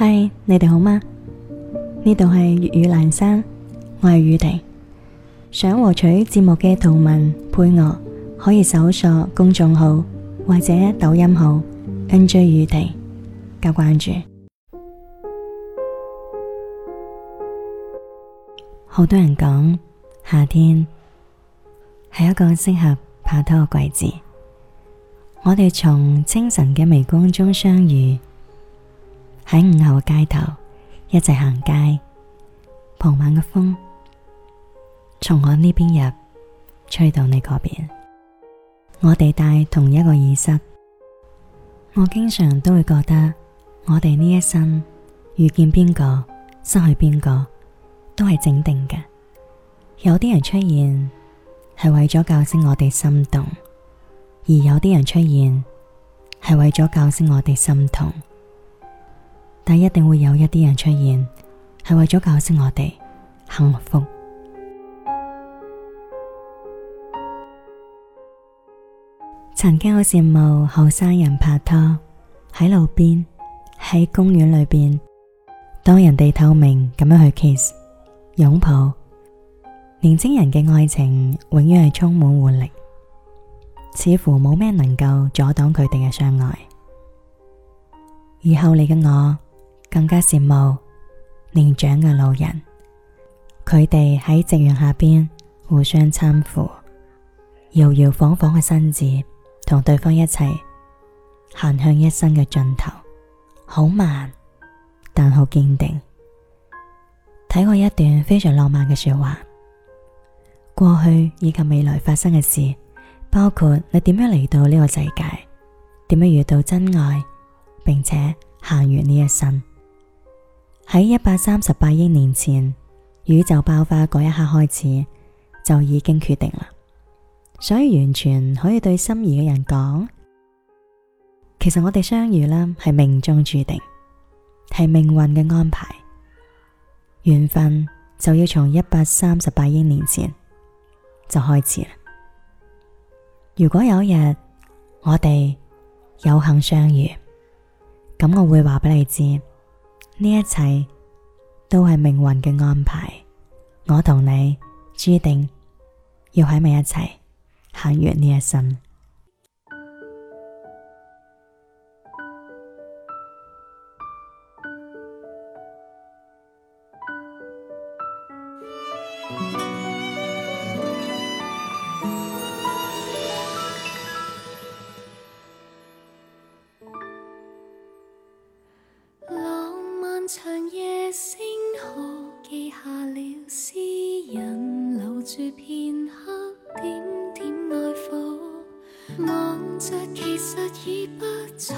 嗨，Hi，你哋好嗎？呢度係粵語闌珊，我係宇婷。想獲取節目嘅圖文配樂，可以搜索公眾號或者抖音號 NJ 宇婷加關注。好 多人講，夏天係一個適合拍拖嘅季節。我哋從清晨嘅微光中相遇。喺午後嘅街頭，一齊行街。傍晚嘅風從我呢邊入，吹到你嗰邊。我哋戴同一個耳塞，我經常都會覺得，我哋呢一生遇見邊個，失去邊個，都係整定嘅。有啲人出現係為咗教識我哋心動，而有啲人出現係為咗教識我哋心痛。但一定會有一啲人出現，係為咗教識我哋幸福。曾經好羨慕後生人拍拖，喺路邊，喺公園裏邊，當人哋透明咁樣去 kiss 擁抱。年輕人嘅愛情永遠係充滿活力，似乎冇咩能夠阻擋佢哋嘅相愛。而後嚟嘅我，更加羨慕年長嘅老人，佢哋喺夕陽下邊互相攙扶，搖搖晃晃嘅身子，同對方一齊行向一生嘅盡頭，好慢，但好堅定。睇過一段非常浪漫嘅說話，過去以及未來發生嘅事，包括你點樣嚟到呢個世界，點樣遇到真愛，並且行完呢一生。喺一百三十八億年前宇宙爆發嗰一刻開始就已經決定啦，所以完全可以對心儀嘅人講，其實我哋相遇啦係命中注定，係命運嘅安排，緣分就要從一百三十八億年前就開始啦。如果有一日我哋有幸相遇，咁我會話俾你知。呢一切都係命運嘅安排，我同你注定要喺埋一齊行完呢一生。 長夜星河記下了詩人，留住片刻點點愛火。望着其實已不錯，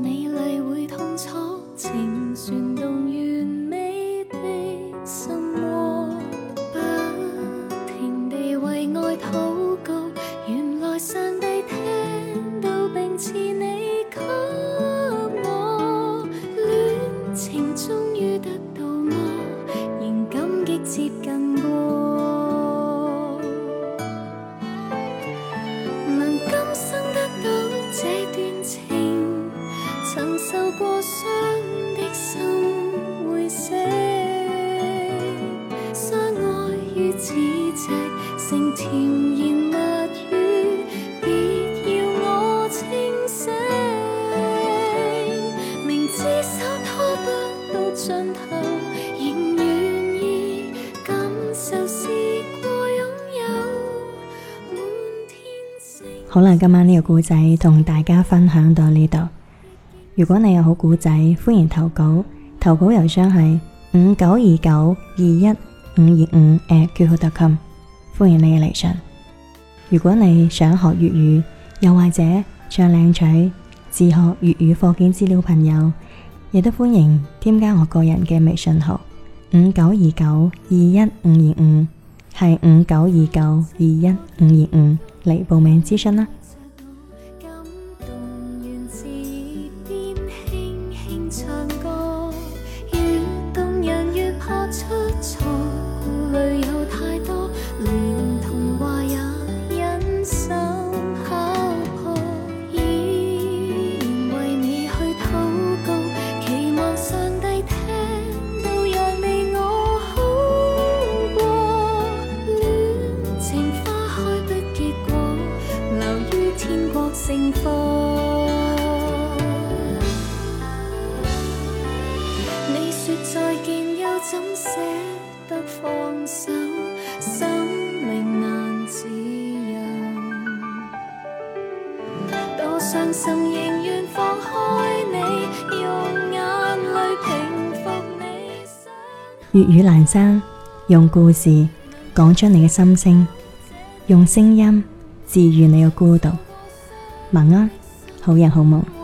美麗會痛楚，情旋動完美的心窩。不停地為愛禱告，原來上帝聽到並賜你。甜言蜜語別要我清醒。明知手拖不到盡頭，仍願意感受試過擁有。好啦，今晚呢個故仔同大家分享到呢度。如果你有好故仔，歡迎投稿，投稿郵箱係五九二九二一五二五，@qq.com。歡迎你嘅嚟信。如果你想學粵語，又或者想領取自學粵語課件資料，朋友亦都歡迎添加我個人嘅微信號五九二九二一五二五，係五九二九二一五二五嚟報名諮詢啦。怎捨得放手，心靈難自由。多傷心，仍願放開你，用眼淚平復你心情。粵語闌珊，用故事講出你嘅心聲，用聲音治愈你嘅孤獨。晚安，好人好夢。